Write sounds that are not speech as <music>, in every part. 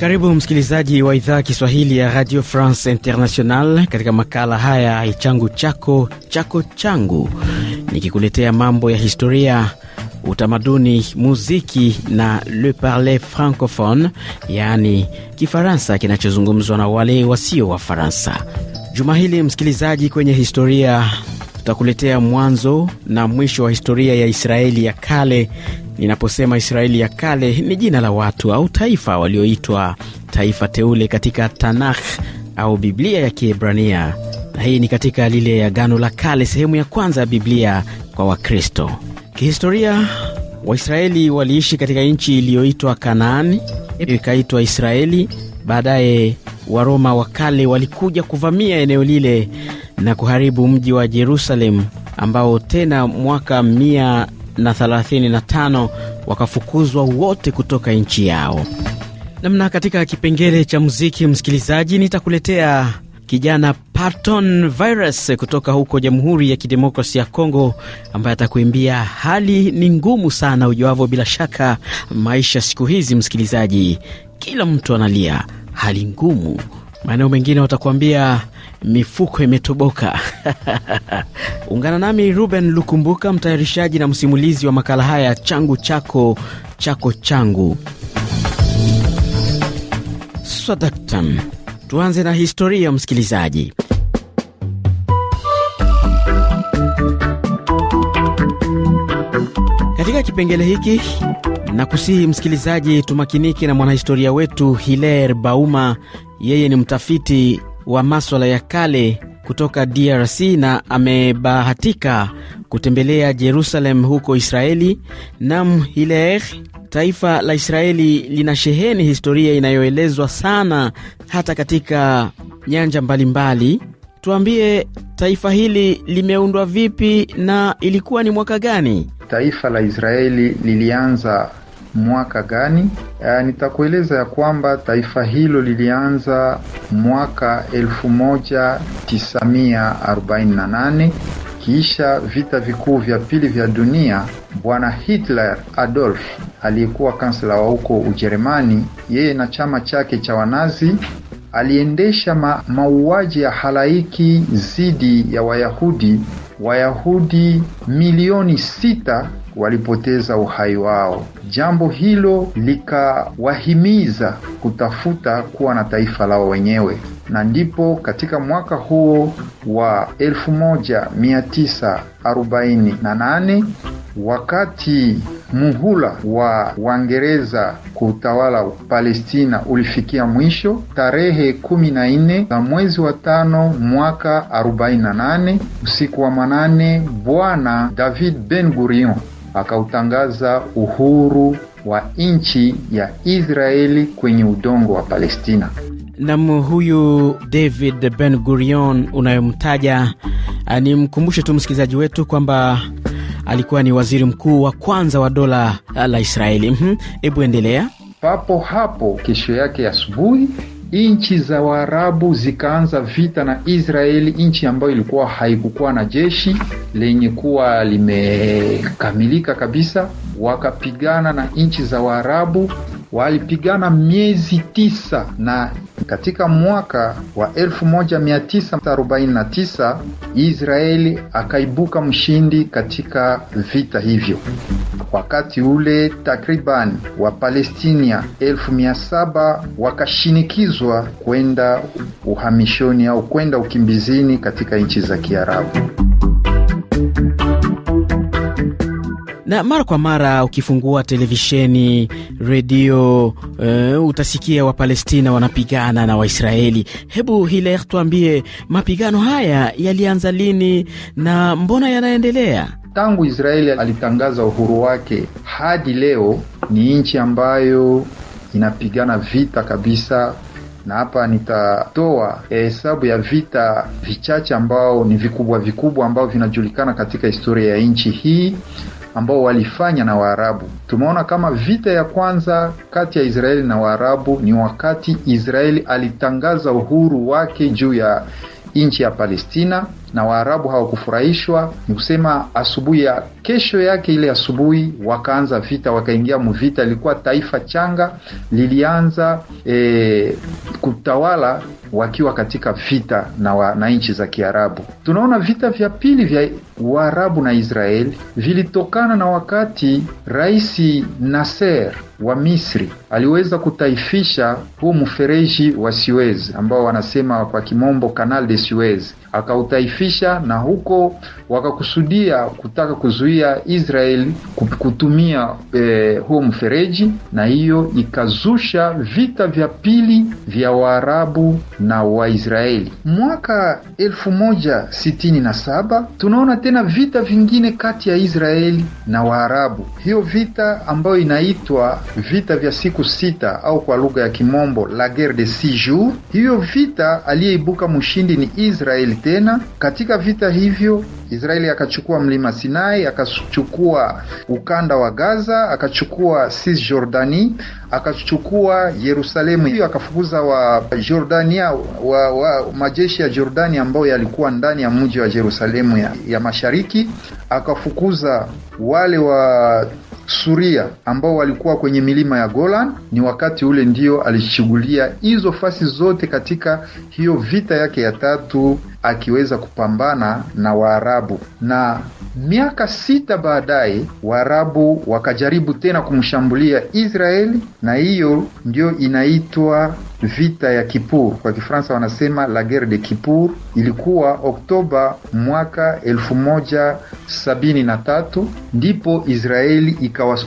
Karibu msikilizaji wa idhaa Kiswahili ya Radio France International katika makala haya changu chako chako changu, nikikuletea mambo ya historia, utamaduni, muziki na le parler francophone, yaani Kifaransa kinachozungumzwa na wale wasio wa Faransa. Juma hili msikilizaji, kwenye historia tutakuletea mwanzo na mwisho wa historia ya Israeli ya kale Ninaposema Israeli ya kale ni jina la watu au taifa walioitwa taifa teule katika Tanakh au Biblia ya Kiebrania, na hii ni katika lile ya Agano la Kale, sehemu ya kwanza ya Biblia kwa Wakristo. Kihistoria, Waisraeli waliishi katika nchi iliyoitwa Kanaani, ikaitwa Israeli. Baadaye Waroma wa kale walikuja kuvamia eneo lile na kuharibu mji wa jerusalemu ambao tena mwaka na 35 wakafukuzwa wote kutoka nchi yao. Namna katika kipengele cha muziki, msikilizaji, nitakuletea kijana parton Virus kutoka huko Jamhuri ya Kidemokrasi ya Kongo, ambaye atakuimbia hali ni ngumu sana. Ujuavyo bila shaka, maisha siku hizi, msikilizaji, kila mtu analia hali ngumu Maeneo mengine watakuambia mifuko imetoboka. <laughs> Ungana nami Ruben Lukumbuka, mtayarishaji na msimulizi wa makala haya changu chako chako changu. Swadaktan, tuanze na historia, msikilizaji. Katika kipengele hiki na kusihi msikilizaji, tumakinike na mwanahistoria wetu hiler Bauma yeye ni mtafiti wa maswala ya kale kutoka DRC na amebahatika kutembelea Jerusalem huko Israeli. Nam Hiler, taifa la Israeli lina sheheni historia inayoelezwa sana hata katika nyanja mbalimbali mbali. Tuambie, taifa hili limeundwa vipi na ilikuwa ni mwaka gani? Taifa la Israeli lilianza mwaka gani? E, nitakueleza ya kwamba taifa hilo lilianza mwaka 1948 kisha vita vikuu vya pili vya dunia. Bwana Hitler Adolf aliyekuwa kansela wa huko Ujerumani, yeye na chama chake cha Wanazi aliendesha ma mauaji ya halaiki dhidi ya Wayahudi Wayahudi milioni sita walipoteza uhai wao. Jambo hilo likawahimiza kutafuta kuwa na taifa lao wenyewe, na ndipo katika mwaka huo wa 1948 Wakati muhula wa Waingereza kutawala Palestina ulifikia mwisho tarehe kumi na nne za mwezi wa tano mwaka 48 usiku wa manane, Bwana David Ben Gurion akautangaza uhuru wa nchi ya Israeli kwenye udongo wa Palestina. Nam, huyu David Ben Gurion unayomtaja, nimkumbushe tu msikilizaji wetu kwamba alikuwa ni waziri mkuu wa kwanza wa dola la Israeli. Mhm, hebu endelea. Papo hapo kesho yake asubuhi nchi za Waarabu zikaanza vita na Israeli, nchi ambayo ilikuwa haikukuwa na jeshi lenye kuwa limekamilika kabisa. Wakapigana na nchi za Waarabu walipigana miezi tisa na katika mwaka wa 1949 Israeli akaibuka mshindi katika vita hivyo. Wakati ule takriban wa Palestina 1700 wakashinikizwa kwenda uhamishoni au kwenda ukimbizini katika nchi za Kiarabu. na mara kwa mara ukifungua televisheni, redio uh, utasikia Wapalestina wanapigana na Waisraeli. Hebu Hilaire, tuambie mapigano haya yalianza lini na mbona yanaendelea? Tangu Israeli alitangaza uhuru wake hadi leo ni nchi ambayo inapigana vita kabisa, na hapa nitatoa eh, hesabu ya vita vichache ambao ni vikubwa vikubwa ambao vinajulikana katika historia ya nchi hii ambao walifanya na Waarabu. Tumeona kama vita ya kwanza kati ya Israeli na Waarabu ni wakati Israeli alitangaza uhuru wake juu ya nchi ya Palestina na Waarabu hawakufurahishwa. Ni kusema asubuhi ya kesho yake ile asubuhi wakaanza vita, wakaingia muvita Ilikuwa taifa changa lilianza e, kutawala wakiwa katika vita na, wa, na nchi za Kiarabu. Tunaona vita vya pili vya Waarabu na Israeli vilitokana na wakati Rais Nasser wa Misri aliweza kutaifisha huu mfereji wa Suez ambao wanasema kwa kimombo Canal de Suez akautaifisha, na huko wakakusudia kutaka kuzuia Israel kutumia e, huo mfereji, na hiyo ikazusha vita vya pili vya Waarabu na Waisraeli mwaka elfu moja sitini na saba. Tunaona tena vita vingine kati ya Israeli na Waarabu, hiyo vita ambayo inaitwa vita vya siku sita au kwa lugha ya Kimombo la guerre de six jours. Hiyo vita aliyeibuka mshindi ni Israeli tena. Katika vita hivyo Israeli akachukua mlima Sinai, akachukua ukanda wa Gaza, akachukua Cisjordani, akachukua Yerusalemu. Hiyo akafukuza wa wa, wa majeshi ya Jordani ambayo yalikuwa ndani ya mji wa Yerusalemu ya, ya mashariki, akafukuza wale wa Suria ambao walikuwa kwenye milima ya Golan. Ni wakati ule ndio alishughulia hizo fasi zote katika hiyo vita yake ya tatu akiweza kupambana na Waarabu, na miaka sita baadaye Waarabu wakajaribu tena kumshambulia Israeli, na hiyo ndio inaitwa vita ya Kipur. Kwa Kifaransa wanasema la guerre de Kipur. Ilikuwa Oktoba mwaka elfu moja sabini na tatu ndipo Israeli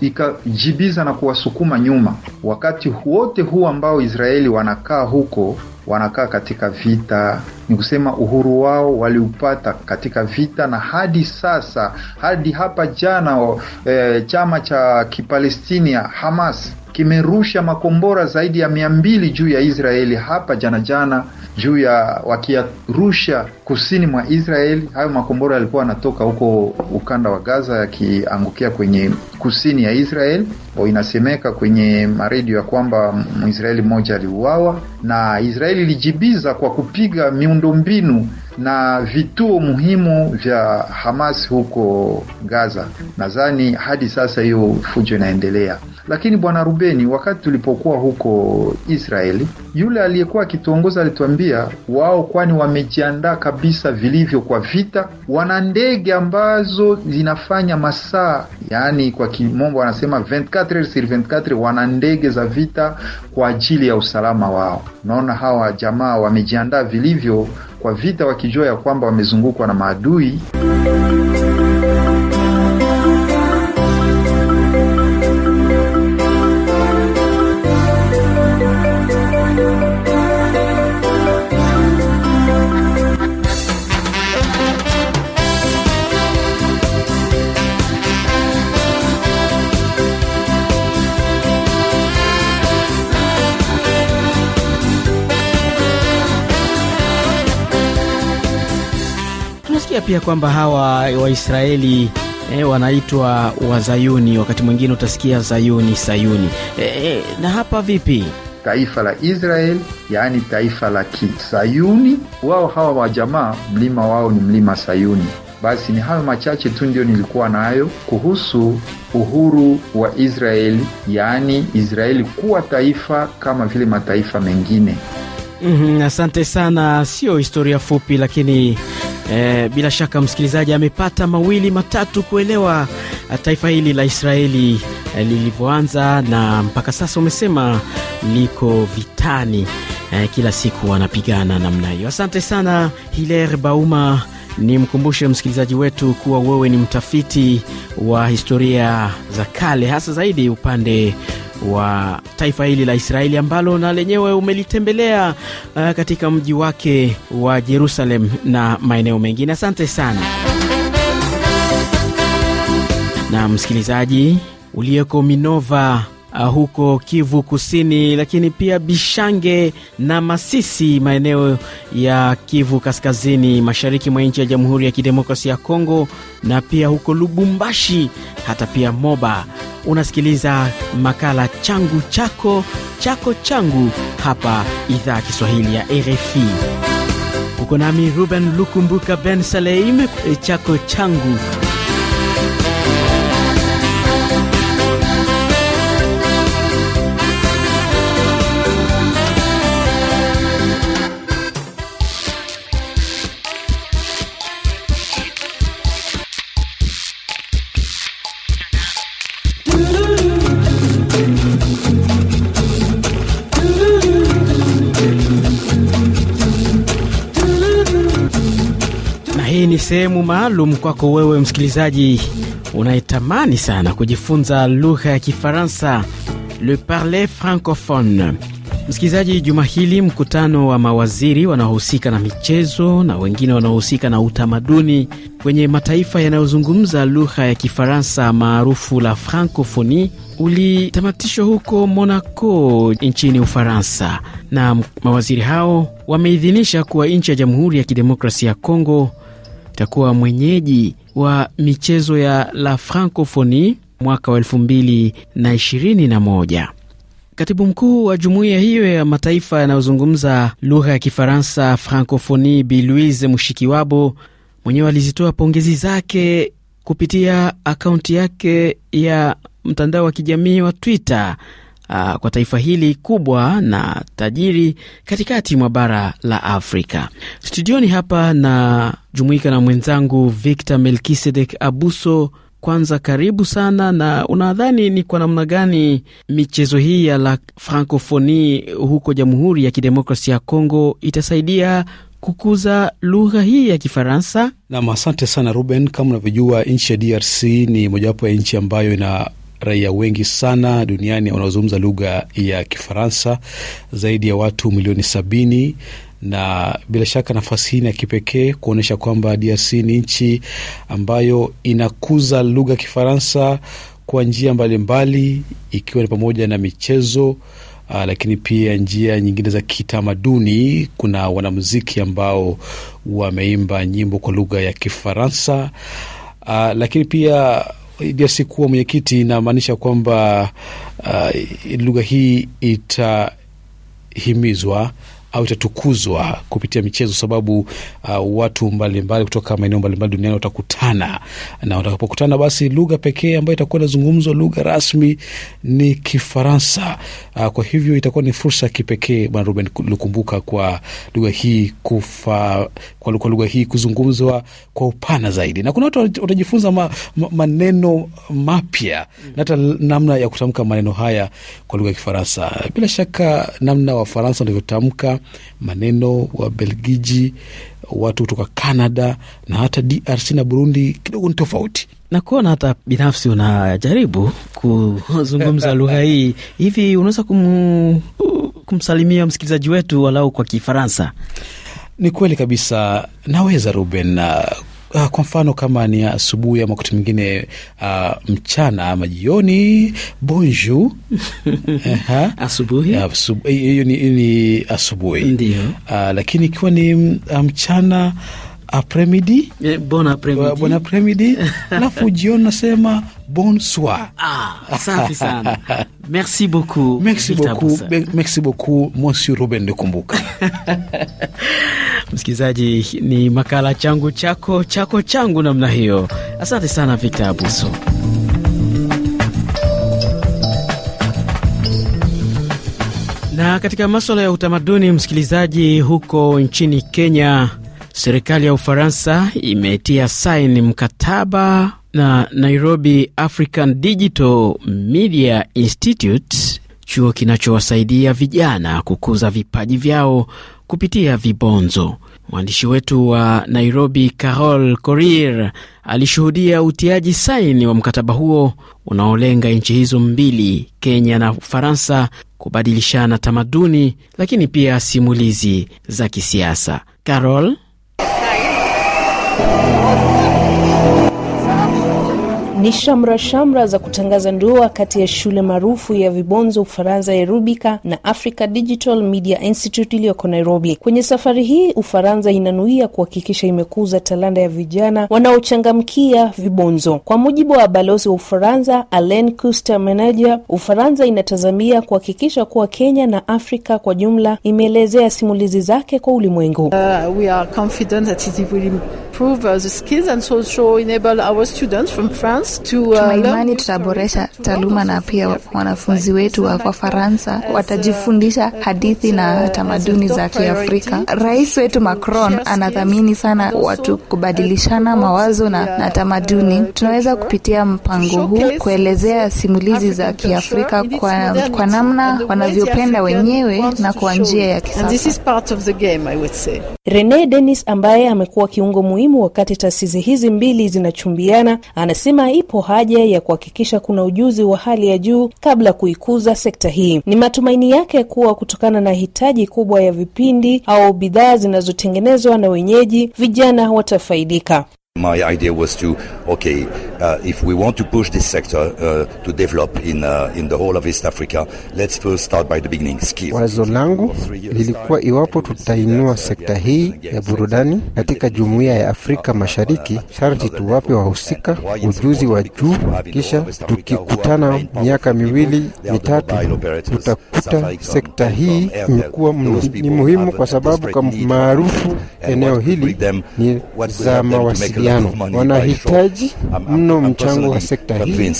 ikajibiza ika na kuwasukuma nyuma. Wakati wote huu ambao Israeli wanakaa huko wanakaa katika vita. Ni kusema uhuru wao waliupata katika vita, na hadi sasa, hadi hapa jana, e, chama cha Kipalestinia Hamas kimerusha makombora zaidi ya mia mbili juu ya Israeli hapa jana jana, juu ya wakiyarusha kusini mwa Israeli. Hayo makombora yalikuwa yanatoka huko ukanda wa Gaza yakiangukia kwenye kusini ya Israeli. Inasemeka kwenye maredio ya kwamba Mwisraeli mmoja aliuawa, na Israeli ilijibiza kwa kupiga miundombinu na vituo muhimu vya Hamas huko Gaza. Nadhani hadi sasa hiyo fujo inaendelea. Lakini bwana Rubeni, wakati tulipokuwa huko Israeli, yule aliyekuwa akituongoza alituambia wao, kwani wamejiandaa kabisa vilivyo kwa vita. Wana ndege ambazo zinafanya masaa, yani kwa kimombo wanasema 24 sur 24, wana ndege za vita kwa ajili ya usalama wao. Unaona, hawa jamaa wamejiandaa vilivyo kwa vita, wakijua ya kwamba wamezungukwa na maadui. Utasikia pia kwamba hawa Waisraeli E, wanaitwa Wazayuni, wakati mwingine utasikia Zayuni, Sayuni. E, e, na hapa vipi? Taifa la Israel yaani taifa la kisayuni, wao hawa wajamaa, mlima wao ni mlima Sayuni. Basi ni hayo machache tu ndio nilikuwa nayo kuhusu uhuru wa Israeli, yaani Israeli kuwa taifa kama vile mataifa mengine. Mm -hmm, asante sana. Sio historia fupi lakini E, bila shaka msikilizaji amepata mawili matatu kuelewa eh, taifa hili la Israeli eh, lilivyoanza na mpaka sasa umesema liko vitani. E, kila siku wanapigana namna hiyo. Asante sana Hilaire Bauma. Nimkumbushe msikilizaji wetu kuwa wewe ni mtafiti wa historia za kale hasa zaidi upande wa taifa hili la Israeli ambalo na lenyewe umelitembelea uh, katika mji wake wa Jerusalem na maeneo mengine. Asante sana na msikilizaji uliyeko Minova uh, huko Kivu Kusini, lakini pia Bishange na Masisi, maeneo ya Kivu Kaskazini, mashariki mwa nchi ya Jamhuri ya Kidemokrasia ya Kongo, na pia huko Lubumbashi, hata pia Moba. Unasikiliza makala changu chako chako changu hapa idhaa ya Kiswahili ya RFI. Uko nami Ruben Lukumbuka Ben Saleim, chako changu sehemu maalum kwako wewe msikilizaji unayetamani sana kujifunza lugha ya Kifaransa, le parle francophone. Msikilizaji, juma hili mkutano wa mawaziri wanaohusika na michezo na wengine wanaohusika na utamaduni kwenye mataifa yanayozungumza lugha ya Kifaransa maarufu la Francofoni ulitamatishwa huko Monaco nchini Ufaransa, na mawaziri hao wameidhinisha kuwa nchi ya Jamhuri ya Kidemokrasia ya Kongo itakuwa mwenyeji wa michezo ya La Francophonie mwaka wa elfu mbili na ishirini na moja. Katibu mkuu wa jumuiya hiyo ya mataifa yanayozungumza lugha ya Kifaransa, Francophonie, Bi Louise Mushikiwabo mwenyewe alizitoa pongezi zake kupitia akaunti yake ya mtandao wa kijamii wa Twitter uh, kwa taifa hili kubwa na tajiri katikati mwa bara la Afrika. Studioni hapa na jumuika na mwenzangu Victor Melkisedek Abuso. Kwanza karibu sana, na unadhani ni kwa namna gani michezo hii ya la Francophonie huko Jamhuri ya Kidemokrasia ya Kongo itasaidia kukuza lugha hii ya Kifaransa? Nam, asante sana Ruben. Kama unavyojua nchi ya DRC ni mojawapo ya nchi ambayo ina raia wengi sana duniani wanaozungumza lugha ya Kifaransa, zaidi ya watu milioni sabini na bila shaka nafasi hii ni ya kipekee kuonyesha kwamba DRC ni nchi ambayo inakuza lugha ya Kifaransa kwa njia mbalimbali mbali, ikiwa ni pamoja na michezo aa, ah, lakini pia njia nyingine za kitamaduni. Kuna wanamuziki ambao wameimba nyimbo kwa lugha ya Kifaransa. aa, ah, lakini pia DRC kuwa mwenyekiti inamaanisha kwamba uh, lugha hii itahimizwa au itatukuzwa kupitia michezo, sababu uh, watu mbalimbali mbali kutoka maeneo mbalimbali duniani watakutana, na watakapokutana, basi lugha pekee ambayo itakuwa inazungumzwa, lugha rasmi ni Kifaransa. Uh, kwa hivyo itakuwa ni fursa kipekee, Bwana Ruben Lukumbuka, kwa lugha hii kufa, kwa lugha hii kuzungumzwa kwa upana zaidi, na kuna watu watajifunza ma, ma, maneno mapya mm, na hata namna ya kutamka maneno haya kwa lugha ya Kifaransa. Bila shaka namna Wafaransa wanavyotamka maneno wa Belgiji, watu kutoka Canada na hata DRC na Burundi kidogo ni tofauti na kuona hata binafsi unajaribu kuzungumza lugha <laughs> hii hivi, unaweza kum, kumsalimia msikilizaji wetu walau kwa Kifaransa? Ni kweli kabisa, naweza Ruben, uh, kwa mfano kama ni asubuhi ama wakati mwingine uh, mchana ama jioni, bonju <laughs> asubuhi, ah, hiyo ni asubuhi Uh, lakini ikiwa ni mchana um, apremidi eh, bon apremidi alafu jioni nasema bonsoir. Ah, safi sana. Merci beaucoup. Merci beaucoup. Merci beaucoup Monsieur Ruben de Kumbuka <laughs> Msikilizaji, ni makala changu chako chako changu namna hiyo. Asante sana Victor Abuso. Na katika maswala ya utamaduni, msikilizaji, huko nchini Kenya Serikali ya Ufaransa imetia saini mkataba na Nairobi African Digital Media Institute, chuo kinachowasaidia vijana kukuza vipaji vyao kupitia vibonzo. Mwandishi wetu wa Nairobi, Carol Korir, alishuhudia utiaji saini wa mkataba huo unaolenga nchi hizo mbili, Kenya na Ufaransa, kubadilishana tamaduni, lakini pia simulizi za kisiasa. Carol What? Ni shamra shamra za kutangaza ndoa kati ya shule maarufu ya vibonzo Ufaransa ya Rubika na Africa Digital Media Institute iliyoko Nairobi. Kwenye safari hii, Ufaransa inanuia kuhakikisha imekuza talanta ya vijana wanaochangamkia vibonzo. Kwa mujibu wa balozi wa Ufaransa alen custer manager Ufaransa inatazamia kuhakikisha kuwa Kenya na Afrika kwa jumla imeelezea simulizi zake kwa ulimwengu. Uh, Uh, Tuna tutaboresha taaluma na pia wanafunzi wetu wa Wafaransa uh, watajifundisha hadithi na tamaduni za Kiafrika. Rais wetu Macron anathamini sana watu kubadilishana mawazo na, na tamaduni. Tunaweza kupitia mpango huu kuelezea simulizi za Kiafrika kwa, kwa namna wanavyopenda wenyewe na kwa njia ya kisasa. Rene Denis ambaye amekuwa kiungo muhimu wakati taasisi hizi mbili zinachumbiana anasema ipo haja ya kuhakikisha kuna ujuzi wa hali ya juu kabla kuikuza sekta hii. Ni matumaini yake kuwa kutokana na hitaji kubwa ya vipindi au bidhaa zinazotengenezwa na wenyeji, vijana watafaidika. My idea was to, okay, uh, if we want to push this sector uh, to develop in, uh, in the whole of East Africa, let's first start by the beginning, skills. Wazo langu lilikuwa iwapo tutainua sekta hii ya burudani katika jumuiya ya Afrika Mashariki, sharti tuwape wahusika ujuzi wa juu, kisha tukikutana miaka miwili mitatu, tutakuta sekta hii imekuwa ni muhimu, kwa sababu kwa maarufu eneo hili ni za mawasiliano ushirikiano. Wanahitaji mno mchango wa sekta hii.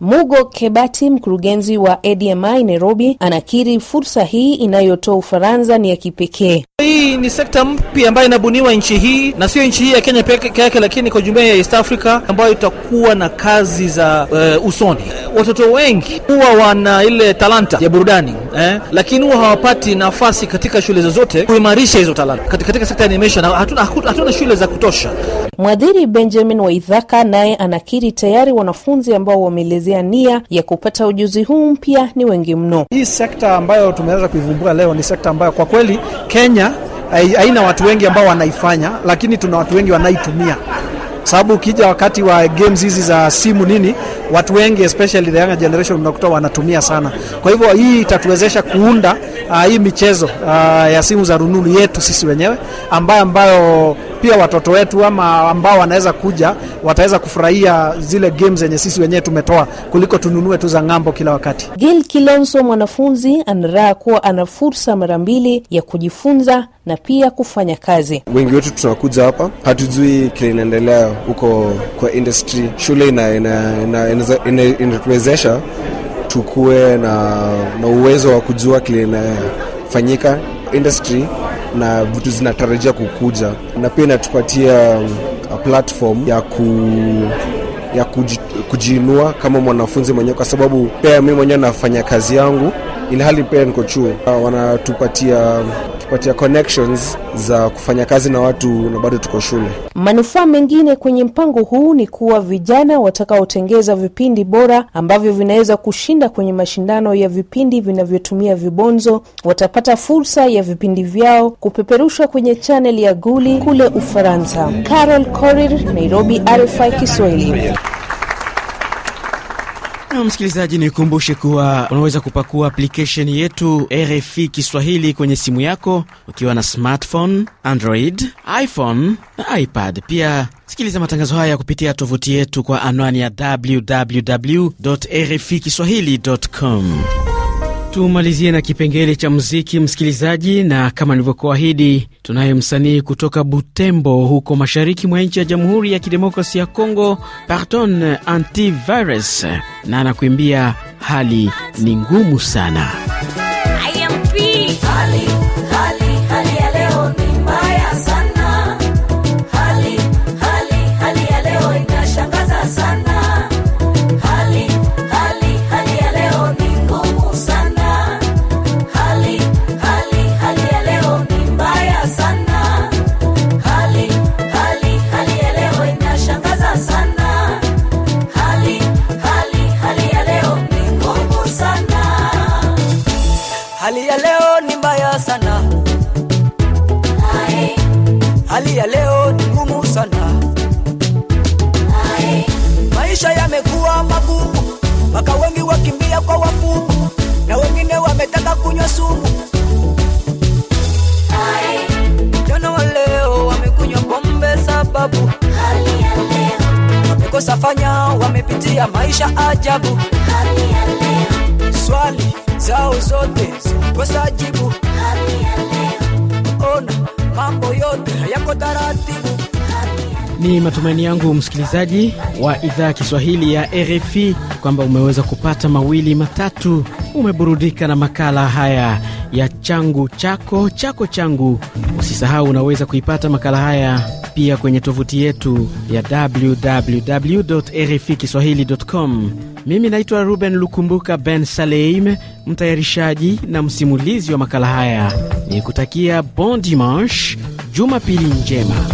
Mugo Kebati, mkurugenzi wa ADMI Nairobi, anakiri fursa hii inayotoa Ufaransa ni ya kipekee. Hii ni sekta mpya ambayo inabuniwa nchi hii na sio nchi hii ya Kenya peke yake, lakini kwa jumuiya ya East Africa ambayo itakuwa na kazi za uh, usoni. Watoto wengi huwa wana ile talanta ya burudani eh, lakini huwa hawapati nafasi katika shule zozote kuimarisha hizo talanta mathalan katika sekta ya animation hatuna, hatuna shule za kutosha. Mwadhiri Benjamin Waithaka naye anakiri tayari wanafunzi ambao wameelezea nia ya kupata ujuzi huu mpya ni wengi mno. Hii sekta ambayo tumeweza kuivumbua leo ni sekta ambayo kwa kweli Kenya haina watu wengi ambao wanaifanya, lakini tuna watu wengi wanaitumia sababu ukija wakati wa games hizi za simu nini, watu wengi especially the younger generation unakuta wanatumia sana. Kwa hivyo hii itatuwezesha kuunda uh, hii michezo uh, ya simu za rununu yetu sisi wenyewe ambayo ambayo pia watoto wetu ama ambao wanaweza kuja wataweza kufurahia zile games zenye sisi wenyewe tumetoa kuliko tununue tu za ng'ambo kila wakati. Gil Kilonso mwanafunzi anaraha kuwa ana fursa mara mbili ya kujifunza na pia kufanya kazi. Wengi wetu tunakuja hapa hatujui kile inaendelea huko kwa industry. Shule inatuwezesha ina, ina, ina, ina tukuwe na, na uwezo wa kujua kile inafanyika industry na vitu zinatarajia kukuja, na pia inatupatia um, platform ya ku ya kujiinua kama mwanafunzi mwenyewe, kwa sababu pia mi mwenyewe nafanya kazi yangu ilhali pia niko chuo. Ah, wanatupatia tupatia connections za kufanya kazi na watu na bado tuko shule. Manufaa mengine kwenye mpango huu ni kuwa vijana watakaotengeza vipindi bora ambavyo vinaweza kushinda kwenye mashindano ya vipindi vinavyotumia vibonzo watapata fursa ya vipindi vyao kupeperushwa kwenye chaneli ya Guli kule Ufaransa. Carol Korir, Nairobi, RFI Kiswahili. Msikilizaji, ni kumbushe kuwa unaweza kupakua aplikesheni yetu RFI Kiswahili kwenye simu yako ukiwa na smartphone, Android, iPhone na iPad. Pia sikiliza matangazo haya kupitia tovuti yetu kwa anwani ya www RFI kiswahilicom Tumalizie na kipengele cha muziki, msikilizaji, na kama nilivyokuahidi, tunaye msanii kutoka Butembo huko mashariki mwa nchi ya Jamhuri ya Kidemokrasi ya Kongo, Pardon Antivirus, na anakuimbia hali ni ngumu sana. akakunywa sumu. Jana wa leo wamekunywa pombe, sababu wamekosa fanya, wamepitia maisha ajabu. Swali zao zote zimekosa jibu. Ona mambo yote yako taratibu. Ni matumaini yangu msikilizaji wa idhaa ya Kiswahili ya RFI kwamba umeweza kupata mawili matatu umeburudika na makala haya ya changu chako chako changu. Usisahau, unaweza kuipata makala haya pia kwenye tovuti yetu ya www rf kiswahili.com. Mimi naitwa Ruben Lukumbuka Ben Saleim, mtayarishaji na msimulizi wa makala haya. ni kutakia bon dimanche, jumapili njema.